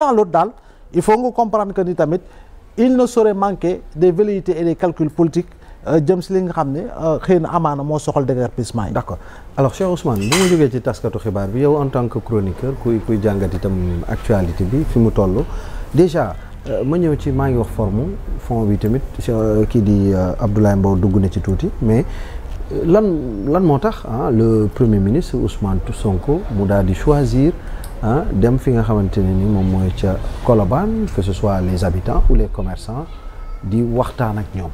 dans daal il faut nga comprendre que ni tamit il ne saurait manquer des velléités et des calculs politiques euh, jëm si li nga xam ne euh, xëy na amaana moo soxal déguerpissement yi. d' accord alors Cheikh Ousmane bu ma jógee ci taskatu xibaar bi yow en tant que chroniqueur kuy kuy jàngat itam actualité bi fi mu toll déjà euh, ma ñëw ci maa ngi wax forme fond bi tamit kii di Abdoulaye Mbow dugg na ci tuuti mais lan lan moo tax ah le premier ministre Ousmane Sonko mu daal di choisir ah dem fi nga xamante ne ni moom mooy ca Colobane que ce soit les habitants ou les commerçants di waxtaan ak ñoom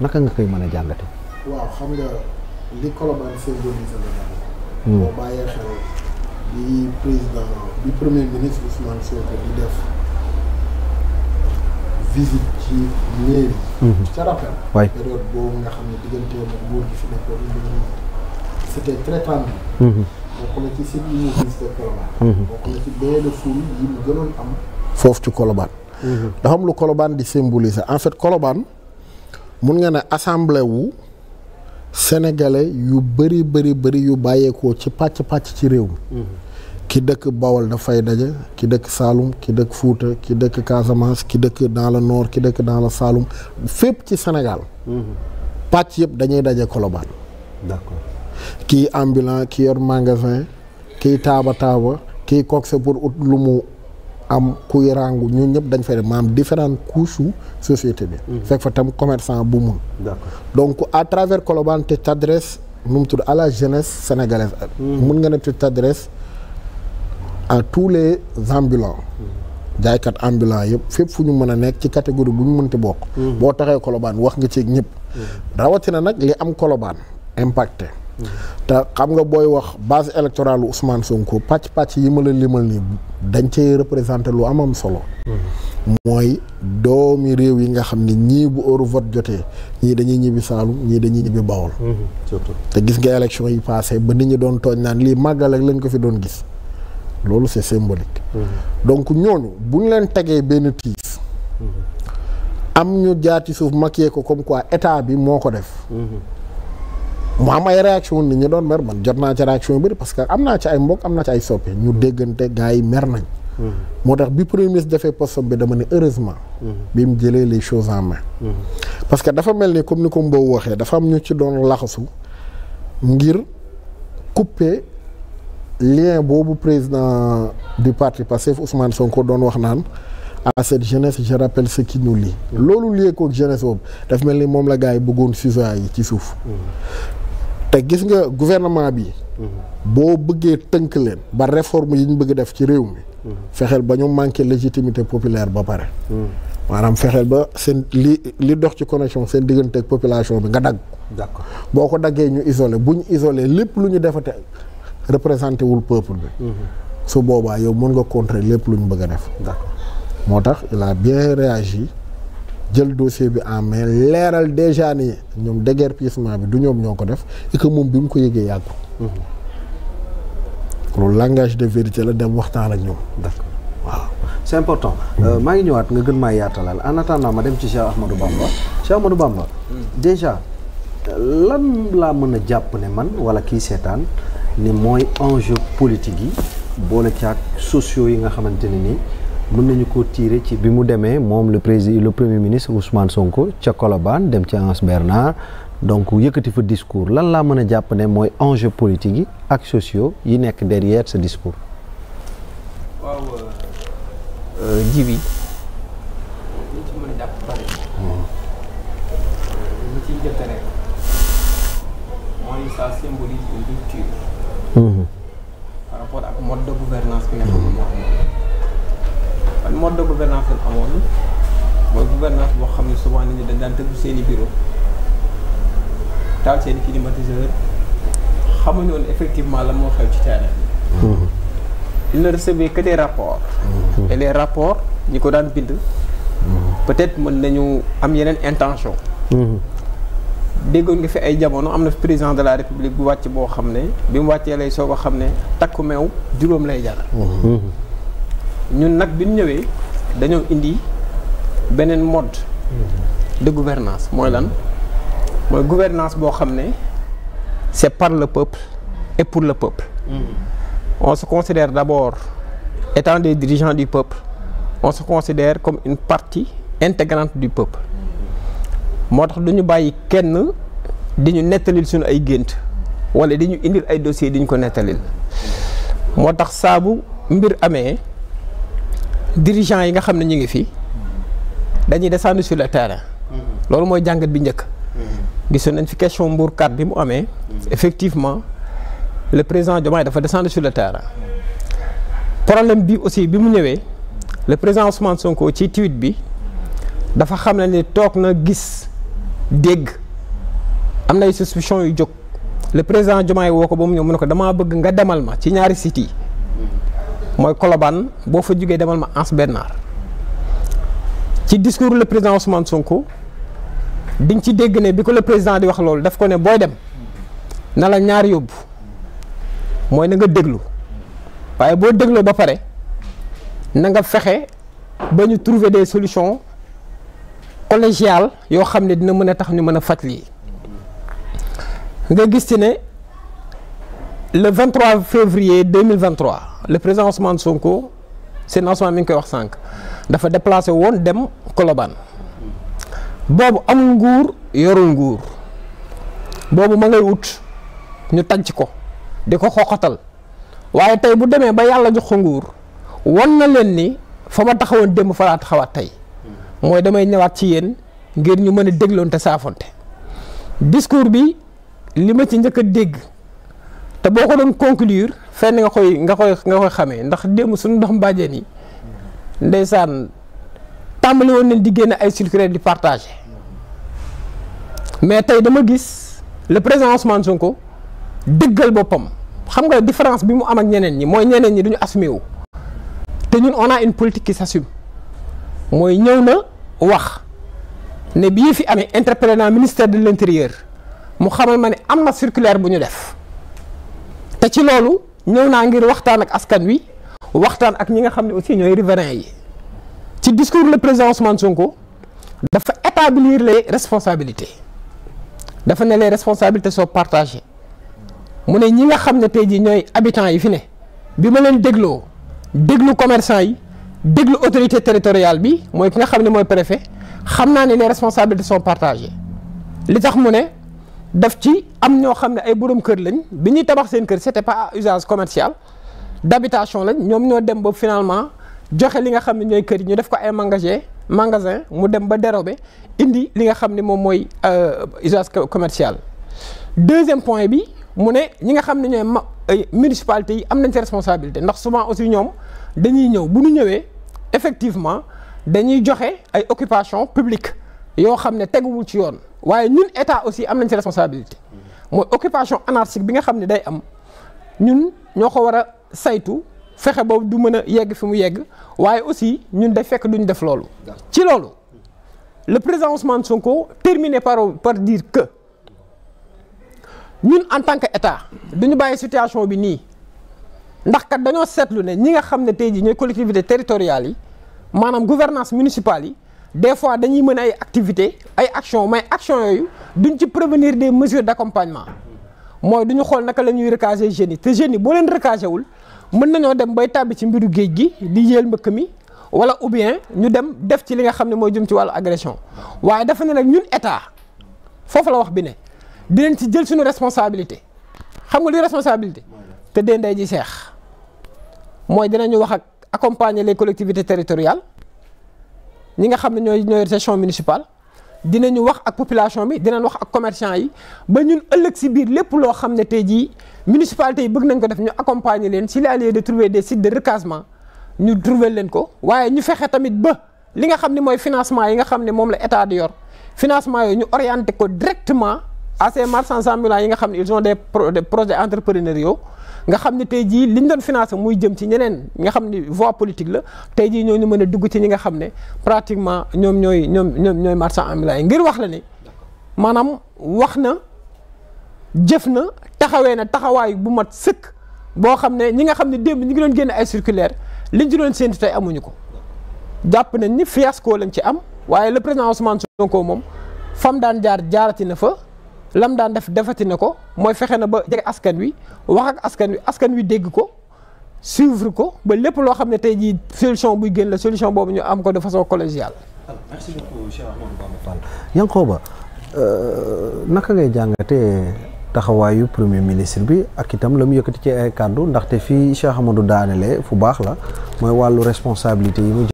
naka nga koy mën a jàngate waaw xam nga li Colobane symbolise la hmm. boo bàyyee xel bi président bi premier ministre Ousmane Sonko di def visite mhm. nga xam ne mhm. ci site yi mhm. mu foofu ci Colobane. dafa lu Colobane di symboliser en fait kolobaan mun nga ne assemblée wu sénégalais yu bari bari bëri yu bàyyeekoo ci pàcc pàcc ci réew mi. ki dëkk Bawol dafay daje ki dëkk Saalum ki dëkk Fuuta ki dëkk Casamance ki dëkk dans le nord ki dëkk dans le Saalum fépp ci Sénégal pàcc yëpp dañuy daje Colobane kii ambulant kii yor magasin kii taaba taaba kii coxe pour ut lu mu am kuy rangu ñu ñëpp dañ fay def maanaam différentes su société bi mhm. fekk fa tam commerçant bu mun donc à travers Colobane te t'adresse nu mu tudd à la jeunesse sénégalaise mhm. mun nga ne te t'adresse à tous les ambulants jaaykat ambulant yëpp fépp fu ñu mën a nekk ci catégorie bu ñu mënti bokk mm-hmm. boo taxee kolobaan wax nga ci ñëpp mm-hmm. rawatina nag li am kolobaan impacte mm-hmm. te xam nga booy wax base électorale Ousmane Sonko pàcc-pàcc yi ma la limal nii dañ cee représenter lu am am solo mooy doomi réew yi nga xam ne ñii bu heure vote jotee ñii dañuy ñibbi Saalum ñii dañuy ñibbi Bawol te gis nga élection yi passé ba nit ñi doon tooñ naan lii màggal ak lañ ko fi doon gis loolu c'est symbolique. donc ñooñu bu ñu leen tegee benn tiis. am ñu jaati suuf maquillé ko comme quoi état bi moo ko def. mu am ay réaction nit ñu doon mer man jot naa ci réaction yu bëri parce que am naa ci ay mbokk am naa ci ay soppe ñu déggante gars yi mer nañ. moo tax bi premier ministre defee poste bi dama ne heureusement. bi mu jëlee les choses en main. parce que dafa mel ni comme ni ko Mbow waxee dafa am ñu ci doon laxasu ngir couper lien boobu président du parti Pastef Ousmane ko doon wax naan à cette jeunesse je rappelle ce qui nous loolu lien kook jeunesse oo daf mel ni moom la gars yi bëggoon sujet yi ci suuf te gis nga gouvernement bi boo bëggee tënk leen ba réforme yi ñu bëgg def ci réew mi fexeel ba ñu manqué légitimité populaire ba pare maanaam fexeel ba seen li li dox ci connexion seen diggante ak population bi nga dagg d'accord boo ko daggee ñu isole bu ñu isolé lépp lu ñu defate représenté wul peuple bi. su boobaa yow mën nga contrer lépp lu ñu bëgg a def. d'accord moo tax il a bien réagi jël dossier bi en main leeral déjà ni ñoom déguerpissement bi du ñoom ñoo ko def et que moom bi mu ko yëgee yàggu. Mhm. loolu langage de vérité la dem waxtaan ak ñoom. d'accord waaw. c'est important euh, mhm. maa ngi ñëwaat nga gën maa yaatalal en attendant ma dem ci Cheikh Ahmadou Bamba Cheikh Ahmadou Bamba. Mhm. déjà euh, lan laa mën a jàpp ne man wala kii seetaan. ni mooy enjeu politique yi boole caag sociaux yi nga xamante ne nii mën nañu ko tirer ci bi mu demee moom le président le premier ministre Ousmane Sonko ca Colobane dem ci Anse Bernard donc yëkkati fa discours lan laa mën a jàpp ne mooy enjeu politique yi ak sociaux yi nekk derrière ce discours. Euh, euh, bi moo amoon man mode de amoon mooy gouvernance boo xam ne souvent nit ñi dañ daan tëdd seen i bureau taal seen i climatiseur xamuñu effectivement la moo xew ci terrain mm-hmm. il ne recevait que des rapports mm-hmm. et les ñi ko daan bind mm-hmm. peut-être mën nañu am yeneen intention déggoon nga fi ay jamono am na fi président de la république bu wàcc boo xam ne bi mu wàccee lay soo a xam ne takku meew juróom lay jar. Mm-hmm. ñun nag bi ñu ñëwee dañoo indi beneen mode mm-hmm. de gouvernance mooy lan mooy gouvernance boo xam ne c'est par le peuple et pour le peuple mm-hmm. on se considère d'abord étant des dirigeants du peuple on se considère comme une partie intégrante du peuple moo tax du ñu bàyyi kenn di ñu nettalil suñu ay gént wala di ñu indil ay dossier di ñu ko nettalil moo tax saabu mbir amee dirigeant yi nga xam ne ñu ngi fi dañuy descendre su le terrain loolu mooy jàngat bi njëkk gisoon nañ fi question mbuurkat bi mu amee effectivement le président Diomaye dafa descendre sur le terrain problème bi aussi bi mu ñëwee le président Ousmane Sonko ci tweet bi dafa xam ne ni toog na gis dégg am na ay suspicion yu jóg le président yi woo ko ba mu ñëw mu ne ko damaa bëgg nga demal ma ci ñaari siti yi mooy Colobane boo fa jógee demal ma Anse Bernard ci discours le président Ousmane Sonko di ci dégg ne bi ko le président di wax loolu daf ko ne booy dem na la ñaar yóbbu mooy na nga déglu waaye boo dégloo ba pare na nga fexe ba ñu trouver des solutions collégial yoo xam ne dina mën a tax ñu mën a faj lii nga gis ci ne le 23 février 2023 le président Ousmane Sonko seen Ousmane mi ngi koy wax sànq dafa déplacé woon dem Colobane boobu amul nguur yorul nguur boobu ma ngay wut ñu tànc ko di ko xoxatal waaye tey bu demee ba yàlla jox ko nguur won na leen ni fa ma taxawoon démb fa laa taxawaat tey. mooy damay ñëwaat ci yéen ngir ñu mën a dégloon te saafonte discours bi li ma ci njëkk a dégg te boo ko doon conclure fenn nga koy nga koy nga koy xamee ndax démb suñu ndox mbàjjeen ni ndeysaan tàmbali woon nañ di génn ay circulaire di partagé mais tey dama gis le président Ousmane Sonko déggal boppam xam nga différence bi mu am ak ñeneen ñi mooy ñeneen ñi duñu assumé wu te ñun on a une politique qui s'assume mooy ñëw na wax ne bii fi amee interpellé ministère de l' intérieur mu xamal ma ne am na circulaire bu ñu def te ci loolu ñëw naa ngir waxtaan ak askan wi waxtaan ak ñi nga xam ne aussi ñooy riverains yi ci discours le président Ousmane Sonko dafa établir les responsabilités dafa ne les responsabilités sont partagées mu ne ñi nga xam ne tey jii ñooy habitants yi fi ne bi ma leen dégloo déglu commerçant yi. déglu autorité territoriale bi mooy ki nga xam ne mooy préfet xam naa ne les responsabilités sont partagées li tax mu ne def ci am ñoo xam ne ay borom kër lañ bi ñuy tabax seen kër c'était pas à usage commercial d'habitation lañ ñoom ñoo dem ba finalement joxe li nga xam ne ñooy kër yi ñu def ko ay magasin magasin mu dem ba dérobé indi li nga xam ne moom mooy euh, usage commercial. deuxième point bi mu ne ñi nga xam ne ñooy euh, municipalité yi am nañ ci responsabilité ndax souvent aussi ñoom. dañuy ñëw bu ñu ñëwee effectivement dañuy joxe ay occupation publique yoo xam ne teguwul ci yoon waaye ñun état aussi am nañ ci responsabilité mooy occupation anarchique bi nga xam ne day am ñun ñoo ko war a saytu fexe boobu du mën a yegg fi mu yegg waaye aussi ñun day fekk duñu def loolu. ci loolu le président Ousmane Sonko terminé par par dire que ñun en tant que état duñu bàyyi situation bi nii. ndax kat dañoo seetlu ne ñi nga xam ne tey jii ñooy collectivités territoriales yi maanaam gouvernance municipale yi des fois dañuy mën ay activité ay action mais action yooyu duñ ci prévenir des mesures d'accompagnement mooy du ñu xool naka la ñuy recaser jeunes yi te jeunes yi boo leen recaser mën nañoo dem bay tàbbi ci mbiru géej gi di yéel mbëkk mi wala ou bien ñu dem def ci li nga xam ne mooy jëm ci wàllu agression waaye dafa ne nag ñun état foofu la wax bi ne dinañ ci jël suñu responsabilité xam nga li responsabilité te dee ndey ji seex mooy dinañu wax ak accompagner les collectivités territoriales ñi nga xam ne ñooy ñooy gestion municipale dinañu wax ak population bi dinañ wax ak commerçant yi ba ñun ëllëg si biir lépp loo xam ne tey jii municipalité yi bëgg nañ ko def ñu accompagner leen s'il y a lieu de trouver des sites de recasement ñu trouver leen ko waaye ñu fexe tamit ba li nga xam ni mooy financement yi nga xam ne moom la état di yor financement yooyu ñu orienté ko directement à ces marchands ambulants yi nga xam ne ils ont des projets entrepreneuriaux nga xam ne tey jii liñ doon financé muy jëm ci ñeneen nga xam ni voie politique la tey jii ñooñu mën a dugg ci ñi nga xam ne pratiquement ñoom ñooy ñoom ñoom ñooy marchand ambulant yi ngir wax la ne maanaam wax na jëf na taxawee na taxawaay bu mat sëkk boo xam ne ñi nga xam ne démb ñi ngi doon génn ay circulaire liñ ci doon séntu tey amuñu ko jàpp nañ ni fiasco lañ ci am waaye le président Ousmane Sonko moom fam daan jaar jaarati na fa lam daan def defati na ko mooy fexe na ba jege askan wi wax ak askan wi askan wi dégg ko suivre ko ba lépp loo xam ne tey jii solution buy génn la solution boobu ñu am ko de façon collégiale. merci beaucoup Cheikh Ahmadou Bamba Fall. Euh, naka ngay jàngatee taxawaayu premier ministre bi ak itam la mu yëkkati ci ay kàddu ndaxte fii Cheikh Ahmadou daanelee fu baax la mooy wàllu responsabilité yi mu